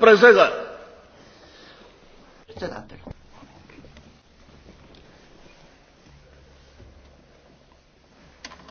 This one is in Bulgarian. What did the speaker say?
Председател.